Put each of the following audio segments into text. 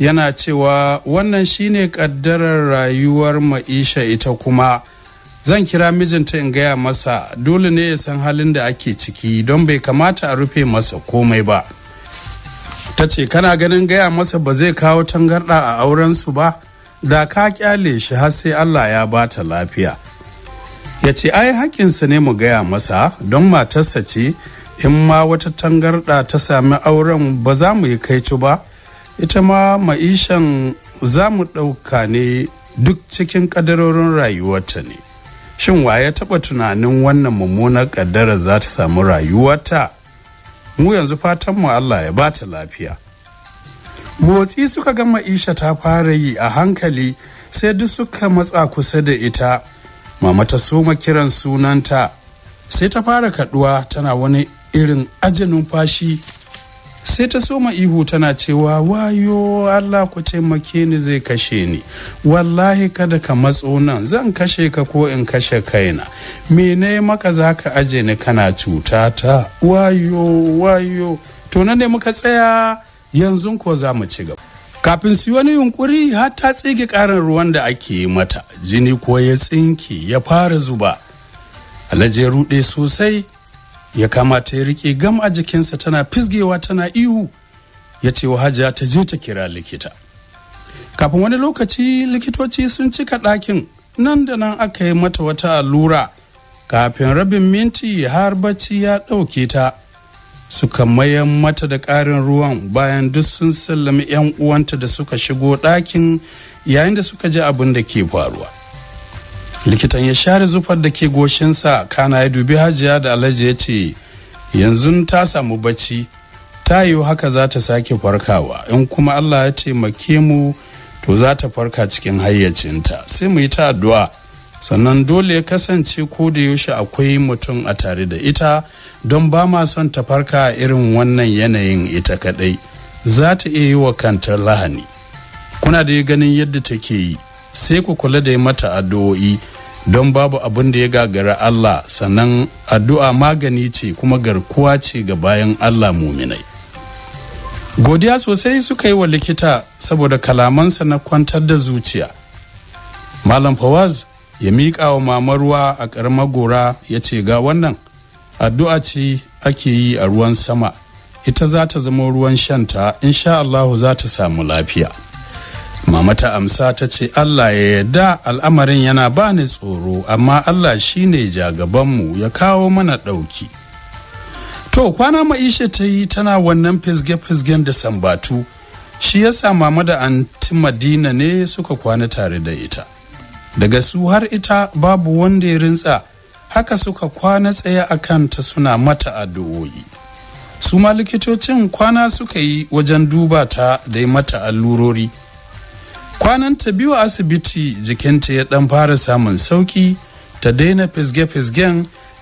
yana cewa wannan shine kaddarar rayuwar ma'isha ita kuma zan kira mijinta in gaya masa dole ne ya san halin da ake ciki don bai kamata a rufe masa komai ba ta ce kana ganin gaya masa ba zai kawo tangarɗa a aurensu ba da ka kyale shi har sai allah ya bata lafiya ya ce ai hakinsa ne mu gaya masa don matarsa ce in ma wata tangarɗa ta sami auren ba za mu yi kaicu ba ita ma ma'ishan za mu ɗauka ne duk cikin ƙadarorin rayuwarta ne shin wa ya taɓa tunanin wannan mummunar ƙaddara za ta samu rayuwarta mu yanzu fatan mu Allah ya bata lafiya motsi suka ga ma'isha ta fara yi a hankali sai duk suka matsa kusa da ita mama ta soma kiran sunanta sai ta fara kaduwa tana wani irin ajin numfashi sai ta soma ihu tana cewa wayo allah ku taimake ni zai kashe ni wallahi kada ka matso nan zan kashe ka ko in kashe kaina ne maka zaka ka aje ni kana cuta ta wayo wayo to nan ne muka tsaya yanzu ko za mu ci gaba kafin su wani yunkuri har ta tsige karin ruwan da ake mata jini ko ya tsinke ya fara zuba alaje ya rude sosai ya kamata ya rike gam a jikinsa tana fisgewa tana ihu ya ce wa hajiya ta je ta kira likita kafin wani lokaci likitoci sun cika ɗakin nan da nan aka yi mata wata allura kafin rabin minti har bacci ya ɗauke ta suka mayan mata da ƙarin ruwan bayan duk sun sallami 'yan uwanta da suka shigo ɗakin yayin da suka ji abin da ke faruwa likitan ya share zufar da ke goshinsa kana ya dubi hajiya da alhaji ya ce yanzu ta samu bacci ta yiwu haka za ta sake farkawa in kuma allah ya taimake mu to za ta farka cikin hayyacinta sai mu yi ta addu'a sannan dole ya kasance ko da yaushe akwai mutum a tare da ita don ba ma son ta farka irin wannan yanayin ita kadai za ta iya yi wa kanta lahani kuna da ganin yadda take yi sai ku kula da mata addu'o'i don babu abin da ya gagara Allah sannan addu'a magani ce kuma garkuwa ce ga bayan Allah muminai. Godiya sosai suka yi wa likita saboda kalamansa na kwantar da zuciya. Malam Fawaz ya miƙa wa mama a ƙaramar gora ya ce ga wannan addu'a ce ake yi a ruwan sama ita za ta zama ruwan shanta insha Allahu za ta samu lafiya. mama ta amsa ta ce allah ya yarda al'amarin yana bani tsoro amma allah shine jagabanmu ya kawo mana ɗauki to kwana ma'isha ta yi tana wannan fisge-fisgen da sambatu shi yasa mama da anti madina ne suka kwana tare da ita daga su har ita babu wanda ya rintsa haka suka kwana tsaye a kanta suna mata addu'o'i su ma likitocin kwana suka yi wajen duba ta da mata allurori kwanan ta biyu a asibiti jikinta ya dan fara samun sauki ta daina fisge-fisgen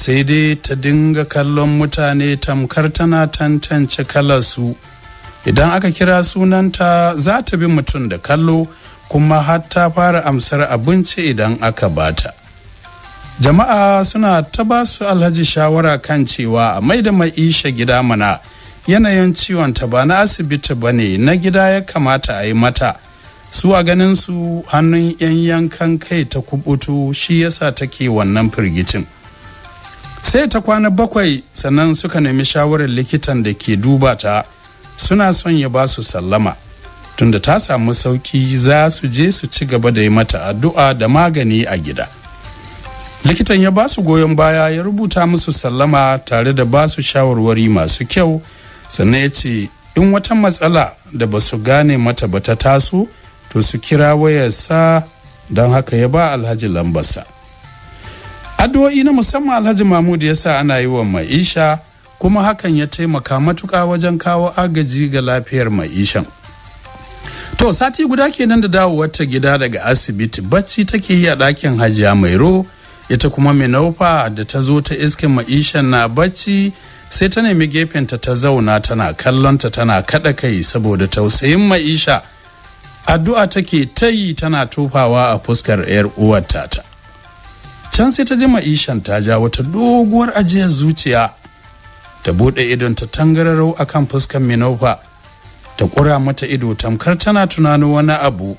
sai dai ta dinga kallon mutane tamkar tana tantance su, idan aka kira sunanta za ta bi mutum da kallo kuma har ta fara amsar abinci idan aka bata jama'a suna ta ba su alhaji shawara kan cewa a mai da ma'isha gida mana yanayin ciwon ta ba na asibiti ba ne na gida ya kamata a yi mata su a ganin su hannun 'yan yankan kai ta kubutu shi yasa take wannan firgicin sai ta kwana bakwai sannan suka nemi shawarar likitan da ke duba ta suna son ya ba su sallama tunda ta samu sauki za su je su ci gaba da yi mata addu'a da magani a gida likitan ya ba su goyon baya ya rubuta musu sallama tare da ba su shawarwari masu kyau sannan ya ce in wata matsala da ba su gane mata ba ta taso to su kira wayarsa don haka ya ba alhaji lambarsa addu'o'i na musamman alhaji mahmud ya sa ana yi wa ma'isha kuma hakan ya taimaka matuka wajen kawo agaji ga lafiyar ma'ishan to sati guda kenan da dawowarta gida daga asibiti bacci take yi a ɗakin hajiya mairo ita kuma minaufa da ta zo ta iskin ma'ishan na bacci sai ta nemi gefenta ta zauna tana kallonta tana kaɗa kai saboda tausayin ma'isha addu'a take ta yi tana tufawa a fuskar 'yar uwar tata can sai ta ji ma'ishan ta ja wata doguwar ajiyar zuciya ta buɗe idon ta a kan fuskar minofa ta ƙura mata ido tamkar tana tunanin wani abu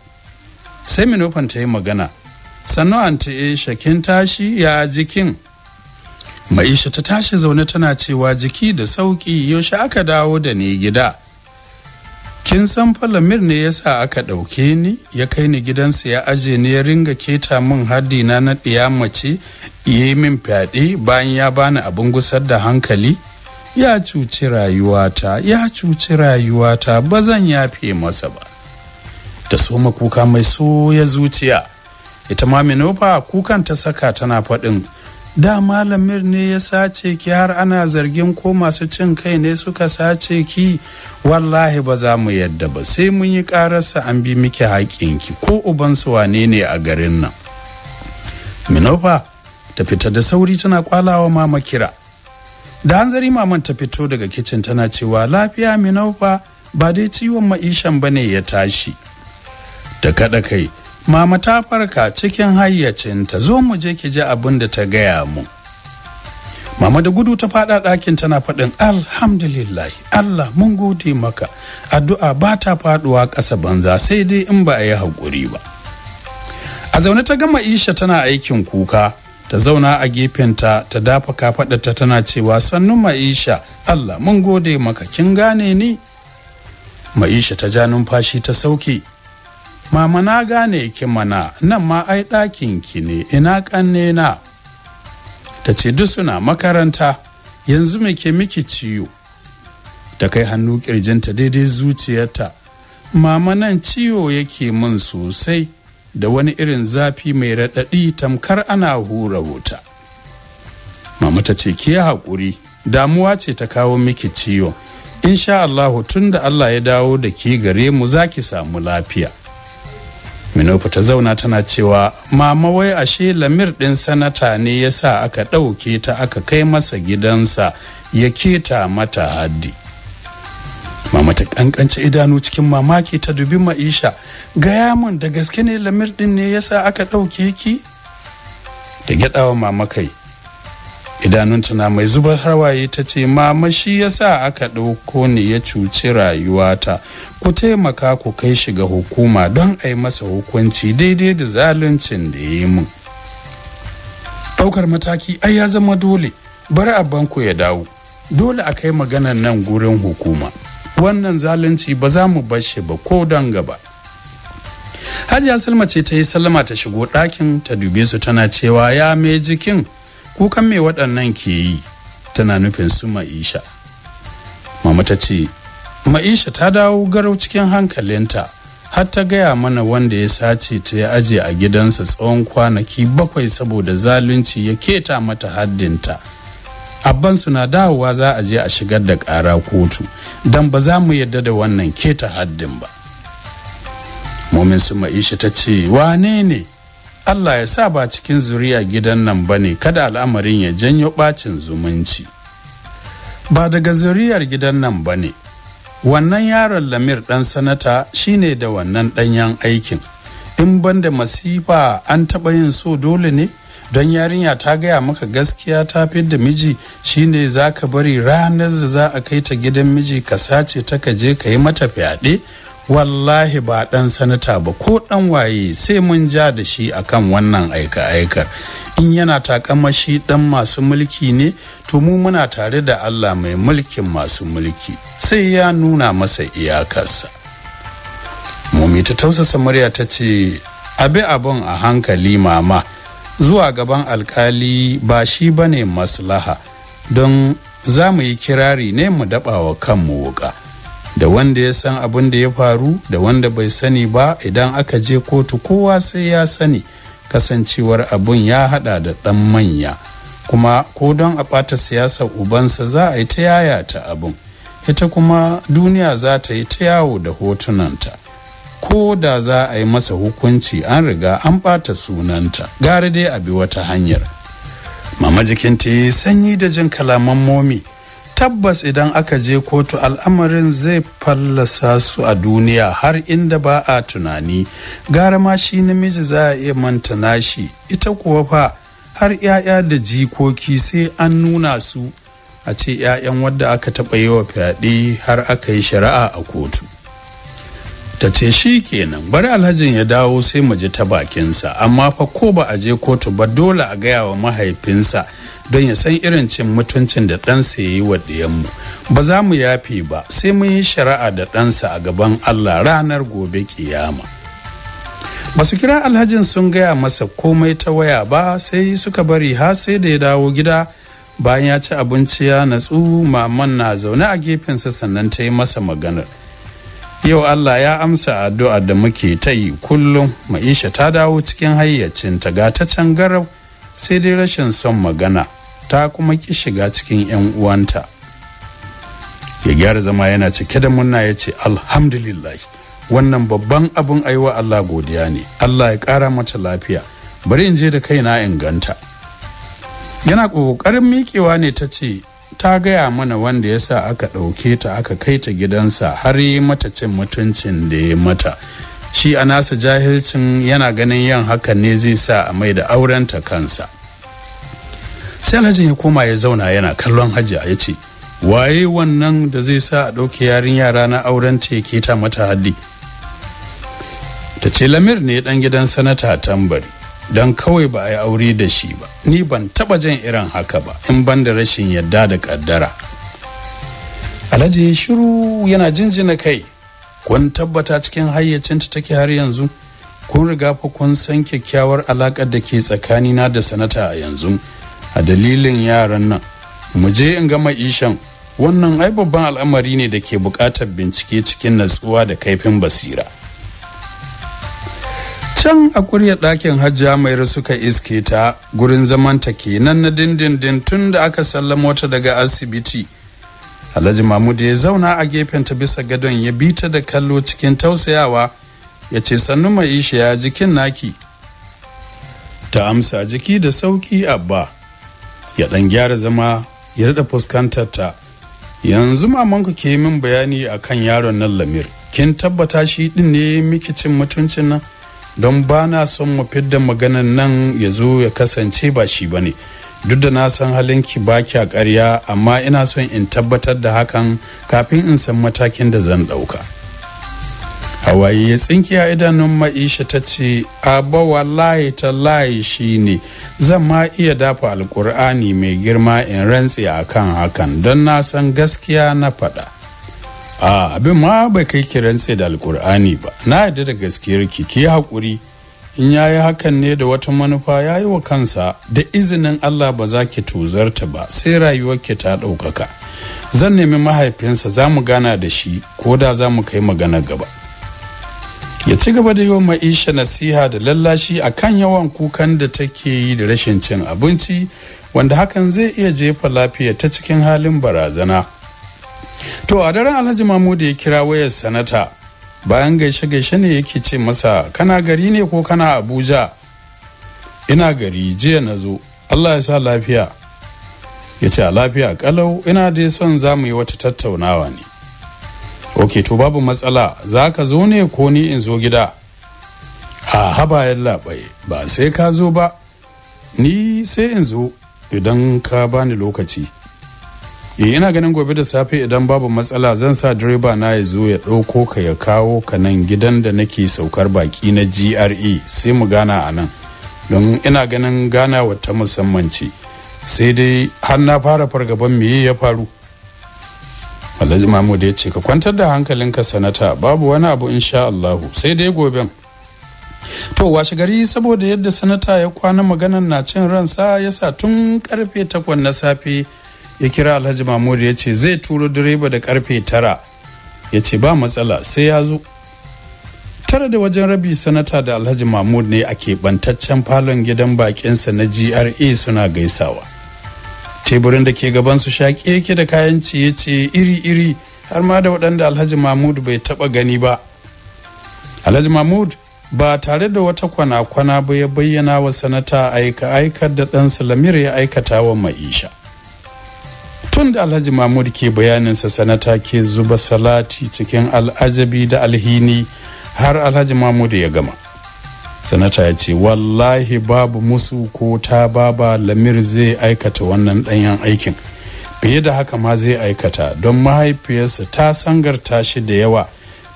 sai minofan ta yi magana sannan an ta shakin tashi ya jikin maisha ta tashi zaune tana cewa jiki da sauƙi yaushe aka dawo da ni gida kin san falamir ne yasa aka ɗauke ni ya kai ni gidansa ya aje ni ya ringa keta min hadina na ɗiya mace ya yi min fyaɗe bayan ya bani abin gusar da hankali ya cuci rayuwata ya cuci rayuwata ba zan yafe masa ba ta soma kuka mai soya zuciya ita ma minofa kukan ta saka tana faɗin da malamir ne ya sace ki har ana zargin ko masu cin kai ne suka sace ki wallahi ba za mu yadda ba sai mun yi ƙararsa an bi miki haƙinki ko ubansu wane ne a garin nan minofa ta fita da sauri tana kwalawa mama kira da hanzari maman ta fito daga kicin tana cewa lafiya minofa ba dai ciwon ma'ishan ba ne ya tashi ta kaɗa kai mama ta farka cikin hayyacinta zo mu je ki ji abin da ta gaya mu mama da gudu ta fada ɗakin tana faɗin alhamdulillah allah mun gode maka addu'a ba ta faduwa ƙasa banza sai dai in ba a yi haƙuri ba a zaune ta gama isha tana aikin kuka ta zauna a gefenta ta dafa kafaɗarta tana cewa sannu ma'isha allah mun gode maka kin gane ni ma'isha ta ja numfashi ta sauke mama na gane ki mana nan ma ai ɗakin ki ne ina ƙanne na ta ce duk suna makaranta yanzu me ke miki ciwo ta kai hannu ƙirjinta daidai zuciyarta mama nan ciwo yake min sosai da wani irin zafi mai raɗaɗi tamkar ana hura wuta mama ta ce ki haƙuri damuwa ce ta kawo miki ciwo insha Allahu tun da Allah ya dawo da ke gare mu za ki samu lafiya minofu ta zauna tana cewa mama wai ashe lamir ɗin sanata ne ya sa aka ɗauke ta aka kai masa gidansa ya keta mata haddi mama ta kankance idanu cikin mamaki ta dubi ma'isha gaya mun da gaske ne lamir ɗin ne ya sa aka ɗauke ki da gyaɗawa mama kai idanunta na mai zubar harwaye ta ce mama shi sa aka ɗauko ne ya cuci rayuwata ku taimaka ku kai shi ga hukuma don a yi masa hukunci daidai da zaluncin da ya yi min ɗaukar mataki ai ya zama dole bari a banku ya dawo dole a kai maganan nan gurin hukuma wannan zalunci ba za mu bar shi ba ko don gaba hajiya salma ce ta yi salama ta shigo ɗakin ta dube su tana cewa ya mai jikin kukan me waɗannan ke yi tana nufin su ma'isha mama ta ce ma'isha ta dawo garau cikin hankalinta har ta gaya mana wanda ya sace ta ya aje a gidansa tsawon kwanaki bakwai saboda zalunci ya keta mata haddinta abbansu na dawowa za a je a shigar da ƙara kotu don ba za mu yadda da wannan keta haddin ba momin su ma'isha ta ce wane ne Allah ya sa ba cikin zuriya gidan nan ba ne kada al'amarin ya janyo ɓacin zumunci ba daga zuriyar gidan nan ba ne wannan yaron lamir ɗan sanata shi ne da wannan ɗanyen aikin in ban da masifa an taɓa yin so dole ne don yarinya ta gaya maka gaskiya ta da miji shi ne za ka bari ranar da za a kai ta gidan miji ka sace ta ka je ka yi mata fyaɗe wallahi ba dan sanata ba ko dan waye sai mun ja da shi akan wannan aika-aikar in yana takamashi dan masu mulki ne to mu muna tare da allah mai mulkin masu mulki sai ya nuna masa iyakarsa mumi ta tausasa murya ta ce abi abun a hankali mama zuwa gaban alkali ba shi bane maslaha don za mu yi kirari ne mu daɓa wa kanmu wuka da wanda ya san abin da ya faru da wanda bai sani ba idan aka je kotu kowa sai ya sani kasancewar abin ya hada da dan manya kuma ko don a ɓata siyasar ubansa za a yi ta yaya ta abin ita kuma duniya za ta yi ta yawo da hotunanta ko da za a yi masa hukunci an riga an ɓata sunanta gara dai a bi wata hanyar mama jikinta yi sanyi da jin kalaman momi tabbas idan aka je kotu al'amarin zai fallasa su a duniya har inda ba a tunani gara ma shi namiji za a iya manta nashi ita kuwa fa har 'ya'ya da jikoki sai an nuna su a ce 'ya'yan wadda aka taɓa yi wa fyaɗe har aka yi shari'a a kotu ta ce shi kenan bari alhajin ya dawo sai mu ji ta bakinsa amma fa ko ba a je kotu ba dole a gaya wa mahaifinsa don ya san irin cin mutuncin da ɗansa ya yi wa ɗiyanmu ba za mu yafi ba sai mun yi shari'a da ɗansa a gaban allah ranar gobe kiyama ba su kira alhajin sun gaya masa komai ta waya ba sai suka bari har sai da ya dawo gida bayan ya ci abinci ya natsu maman na zaune a gefensa sannan ta yi masa maganar yau allah ya amsa addu'a da muke ta yi kullum ma'isha ta dawo cikin hayyacinta ga ta can garau sai dai rashin son magana ta kuma ki shiga cikin 'yan uwanta ya gyara zama yana cike da munna ya ce alhamdulillah wannan babban abin aiwa Allah godiya ne Allah ya kara mata lafiya bari in je da kaina inganta yana ƙoƙarin miƙewa ne ta ce ta gaya mana wanda ya sa aka ɗauke ta aka kai ta gidansa har yi mata cin mutuncin da ya mata shi a nasa jahilcin yana ganin yan hakan ne zai sa a mai da aurenta kansa sai alhaji ya koma ya zauna yana kallon hajji ya ce waye wannan da zai sa a ɗauke yarin yara na auren ta ke ta mata haddi ta ce lamir ne dan gidan sanata tambari don kawai ba a yi aure da shi ba ni ban taɓa jan irin haka ba in ban da rashin yadda da ƙaddara alhaji ya shiru yana jinjina kai kun tabbata cikin hayyacinta take har yanzu kun riga fa kun san kyakkyawar alaƙar da ke tsakanina da sanata a yanzu a dalilin yaran nan mu je in ga ishan wannan ai babban al'amari ne da ke buƙatar bincike cikin natsuwa da kaifin basira can a kurya ɗakin hajja mai suka iske ta gurin zamanta kenan na dindindin tun da aka sallamo ta daga asibiti alhaji mahmud ya zauna a gefen ta bisa gadon ya bi ta da kallo cikin tausayawa ya ce sannu mai jikin naki ta amsa jiki da sauki abba ya dan gyara zama ya rada fuskantar ta yanzu mamanku ke min bayani akan yaron nan lamir kin tabbata shi din ne miki cin mutuncin nan don ba na son mu fidda maganan nan ya zo ya kasance ba shi ba ne duk da na san halinki ba kya karya amma ina son in tabbatar da hakan kafin in san matakin da zan ɗauka. hawaye ya tsinkiya idanun ma'isha ta ce abba wallahi shi ne zan ma iya dafa alkur'ani mai girma in rantse a kan hakan don na san gaskiya na faɗa a abin ma bai kai ki rantse da alkur'ani ba na yadda da gaskiyar ki ki haƙuri in ya yi hakan ne da wata manufa ya yi wa kansa da izinin allah ba za ki tuzarta ba sai rayuwar ki ta ɗaukaka zan nemi mahaifinsa za mu gana da shi ko da za mu kai magana gaba ya ci gaba da yi wa ma'isha nasiha da lallashi a kan yawan kukan da take yi da rashin cin abinci wanda hakan zai iya jefa lafiya ta cikin halin barazana to a daren alhaji Mahmud ya kira wayar sanata bayan gaishe-gaishe ne yake ce masa kana gari ne ko kana abuja ina gari jiya na zo allah ya sa lafiya ya ce a lafiya kalau ina dai son za mu yi wata tattaunawa ne ok to babu matsala za ka zo ne ko ni in zo gida a habayen labai ba sai ka zo ba ni sai in zo idan ka bani lokaci e, ina ganin gobe da safe idan babu matsala zan sa direba na ya zo ya ɗauko ka ya kawo ka nan gidan da nake saukar baki na gre sai mu gana a nan don ina ganin ganawa ta musamman sai dai har na fara fargaban me ya faru alhaji mahmud ya ce ka kwantar da hankalinka sanata babu wani abu insha allahu sai dai goben to washe gari saboda yadda sanata ya kwana maganar na cin ransa ya sa tun karfe takwas na safe ya kira alhaji mahmud ya ce zai turo direba da karfe tara ya ce ba matsala sai ya zo tara da wajen rabi sanata da alhaji mahmud ne a keɓantaccen falon gidan bakinsa na gra suna gaisawa teburin da ke gaban su shaƙe yake da kayan ciye-ciye iri-iri har ma da waɗanda alhaji mahmud bai taɓa gani ba alhaji mahmud ba tare da wata kwana-kwana ba ya bayyana wa sanata aika aikar da ɗan lamir ya aikata wa ma'isha tun da alhaji mahmud ke bayaninsa sanata ke zuba salati cikin al'ajabi da alhini har alhaji mahmud ya gama sanata ya ce wallahi babu musu ko ta baba lamir zai aikata wannan ɗanyen aikin fiye da haka ma zai aikata don mahaifiyarsa ta sangarta shi da yawa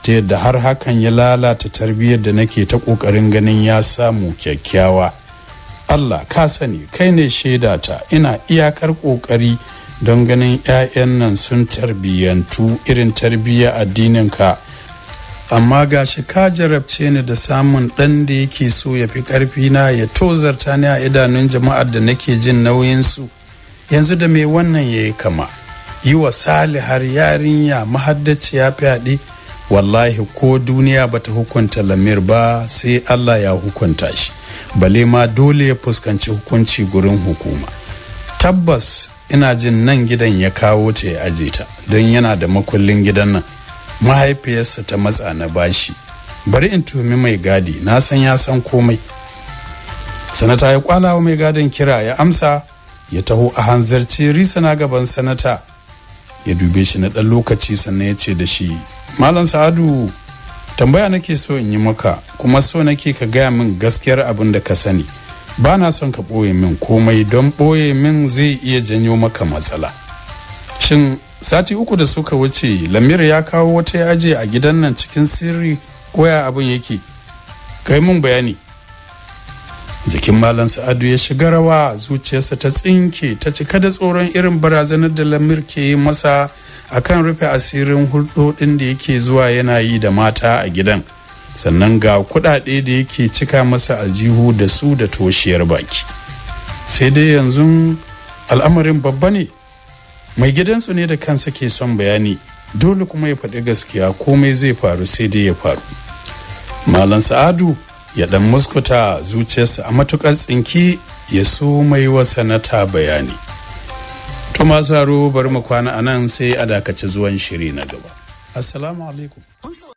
ta yadda har hakan ya lalata tarbiyyar da nake ta ƙoƙarin ganin ya samu kyakkyawa allah ka sani kai ne shaidata ina iyakar ƙoƙari don ganin 'ya'yan nan sun tarbiyyantu irin tarbiyya addininka amma ga shi ka jarabce ni da samun ɗan da yake so ya fi ƙarfina na ya tozarta ni a idanun jama'ar da nake jin nauyinsu yanzu da mai wannan ya yi kama yi wa har yarinya mahaddaci ya fyaɗe wallahi ko duniya bata hukunta lamir ba sai allah ya hukunta shi bale ma dole ya fuskanci hukunci gurin hukuma tabbas ina jin nan gidan ya kawo ta ya aje ta don yana da makullin gidan nan mahaifiyarsa ta matsa na bashi bari in tumi mai gadi na san ya san komai sanata ya wa mai gadin kira ya amsa ya taho a hanzarci na gaban sanata ya dube shi na ɗan lokaci sannan ya ce da shi malam sa'adu tambaya nake so in yi maka kuma so nake ka gaya min gaskiyar abin da ka sani ba na son ka ɓoye min komai don ɓoye min zai iya janyo maka matsala shin sati uku da suka wuce lamir ya kawo wata yaje a gidan nan cikin sirri koya abin yake kai mun bayani jikin malam sa'adu ya shiga rawa zuciyarsa ta tsinke ta cika da tsoron irin barazanar da lamir ke yi masa akan rufe asirin hulɗoɗin da yake zuwa yana yi da mata a gidan sannan ga kuɗaɗe da yake cika masa aljihu da su da toshiyar baki sai dai yanzu al'amarin babba ne mai gidansu ne da kansa ke son bayani dole kuma ya faɗi gaskiya komai zai faru sai dai ya faru malam sa'adu ya dan muskuta zuciyarsa a matukar tsinki ya so mai wa sanata bayani to masu haro bari mu kwana a nan sai a dakaci zuwan shiri na gaba assalamu alaikum